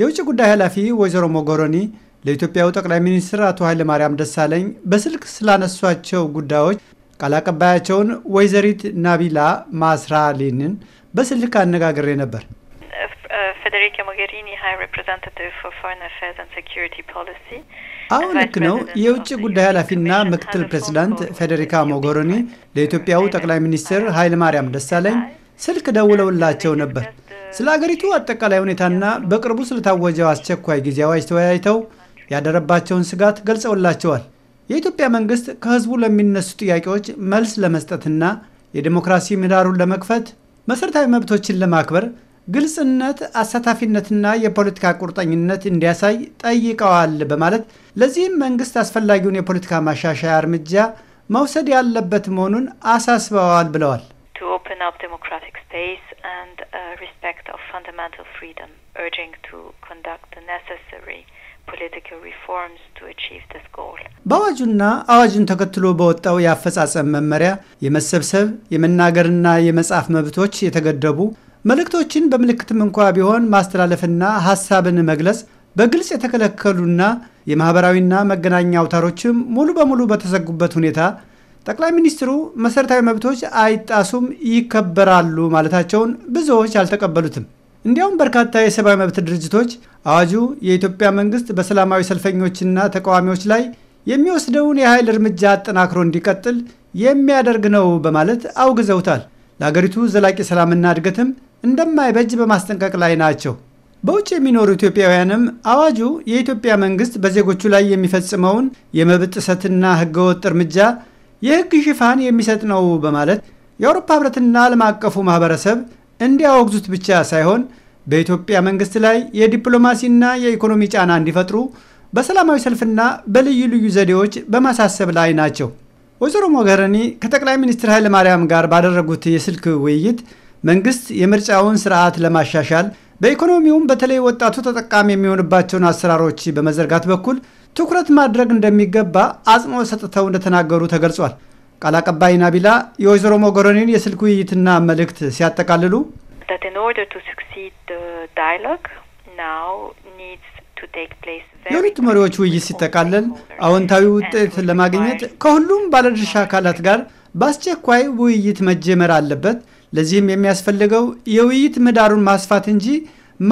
የውጭ ጉዳይ ኃላፊ ወይዘሮ ሞጎሮኒ ለኢትዮጵያው ጠቅላይ ሚኒስትር አቶ ኃይለማርያም ደሳለኝ በስልክ ስላነሷቸው ጉዳዮች ቃል አቀባያቸውን ወይዘሪት ናቢላ ማስራሊንን በስልክ አነጋግሬ ነበር። ፌዴሪካ አዎ ልክ ነው። የውጭ ጉዳይ ኃላፊና ምክትል ፕሬዚዳንት ፌዴሪካ ሞጎሮኒ ለኢትዮጵያው ጠቅላይ ሚኒስትር ኃይለማርያም ደሳለኝ ስልክ ደውለውላቸው ነበር። ስለ አገሪቱ አጠቃላይ ሁኔታና በቅርቡ ስለታወጀው አስቸኳይ ጊዜ አዋጅ ተወያይተው ያደረባቸውን ስጋት ገልጸውላቸዋል። የኢትዮጵያ መንግስት ከህዝቡ ለሚነሱ ጥያቄዎች መልስ ለመስጠትና የዲሞክራሲ ምህዳሩን ለመክፈት መሠረታዊ መብቶችን ለማክበር ግልጽነት፣ አሳታፊነትና የፖለቲካ ቁርጠኝነት እንዲያሳይ ጠይቀዋል በማለት ለዚህም መንግስት አስፈላጊውን የፖለቲካ ማሻሻያ እርምጃ መውሰድ ያለበት መሆኑን አሳስበዋል ብለዋል። open up democratic space and uh, respect of fundamental freedom, urging to conduct the necessary በአዋጁና አዋጁን ተከትሎ በወጣው የአፈጻጸም መመሪያ የመሰብሰብ የመናገርና የመጻፍ መብቶች የተገደቡ መልእክቶችን በምልክትም እንኳ ቢሆን ማስተላለፍና ሀሳብን መግለጽ በግልጽ የተከለከሉና የማኅበራዊና መገናኛ አውታሮችም ሙሉ በሙሉ በተዘጉበት ሁኔታ ጠቅላይ ሚኒስትሩ መሰረታዊ መብቶች አይጣሱም፣ ይከበራሉ ማለታቸውን ብዙዎች አልተቀበሉትም። እንዲያውም በርካታ የሰብአዊ መብት ድርጅቶች አዋጁ የኢትዮጵያ መንግስት በሰላማዊ ሰልፈኞችና ተቃዋሚዎች ላይ የሚወስደውን የኃይል እርምጃ አጠናክሮ እንዲቀጥል የሚያደርግ ነው በማለት አውግዘውታል። ለአገሪቱ ዘላቂ ሰላምና እድገትም እንደማይበጅ በማስጠንቀቅ ላይ ናቸው። በውጭ የሚኖሩ ኢትዮጵያውያንም አዋጁ የኢትዮጵያ መንግስት በዜጎቹ ላይ የሚፈጽመውን የመብት ጥሰትና ህገወጥ እርምጃ የህግ ሽፋን የሚሰጥ ነው በማለት የአውሮፓ ህብረትና ዓለም አቀፉ ማህበረሰብ እንዲያወግዙት ብቻ ሳይሆን በኢትዮጵያ መንግስት ላይ የዲፕሎማሲና የኢኮኖሚ ጫና እንዲፈጥሩ በሰላማዊ ሰልፍና በልዩ ልዩ ዘዴዎች በማሳሰብ ላይ ናቸው። ወይዘሮ ሞገሪኒ ከጠቅላይ ሚኒስትር ኃይለ ማርያም ጋር ባደረጉት የስልክ ውይይት መንግስት የምርጫውን ስርዓት ለማሻሻል በኢኮኖሚውም በተለይ ወጣቱ ተጠቃሚ የሚሆንባቸውን አሰራሮች በመዘርጋት በኩል ትኩረት ማድረግ እንደሚገባ አጽንኦት ሰጥተው እንደተናገሩ ተገልጿል። ቃል አቀባይ ናቢላ የወይዘሮ ሞጎሮኒን የስልክ ውይይትና መልእክት ሲያጠቃልሉ የሁለቱ መሪዎች ውይይት ሲጠቃለል አዎንታዊ ውጤት ለማግኘት ከሁሉም ባለድርሻ አካላት ጋር በአስቸኳይ ውይይት መጀመር አለበት። ለዚህም የሚያስፈልገው የውይይት ምህዳሩን ማስፋት እንጂ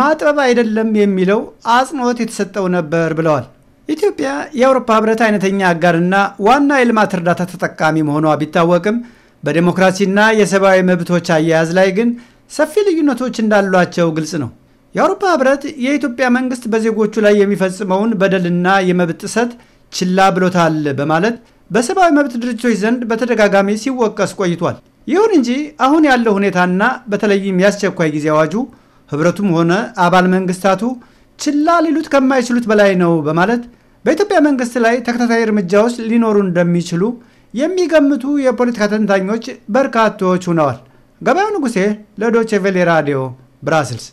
ማጥበብ አይደለም የሚለው አጽንኦት የተሰጠው ነበር ብለዋል። ኢትዮጵያ የአውሮፓ ህብረት አይነተኛ አጋርና ዋና የልማት እርዳታ ተጠቃሚ መሆኗ ቢታወቅም በዴሞክራሲና የሰብአዊ መብቶች አያያዝ ላይ ግን ሰፊ ልዩነቶች እንዳሏቸው ግልጽ ነው። የአውሮፓ ህብረት የኢትዮጵያ መንግስት በዜጎቹ ላይ የሚፈጽመውን በደልና የመብት ጥሰት ችላ ብሎታል በማለት በሰብአዊ መብት ድርጅቶች ዘንድ በተደጋጋሚ ሲወቀስ ቆይቷል። ይሁን እንጂ አሁን ያለው ሁኔታና በተለይም የአስቸኳይ ጊዜ አዋጁ ህብረቱም ሆነ አባል መንግስታቱ ችላ ሊሉት ከማይችሉት በላይ ነው በማለት በኢትዮጵያ መንግስት ላይ ተከታታይ እርምጃዎች ሊኖሩ እንደሚችሉ የሚገምቱ የፖለቲካ ተንታኞች በርካቶች ሆነዋል። ገበያው ንጉሴ ለዶቼቬሌ ራዲዮ ብራስልስ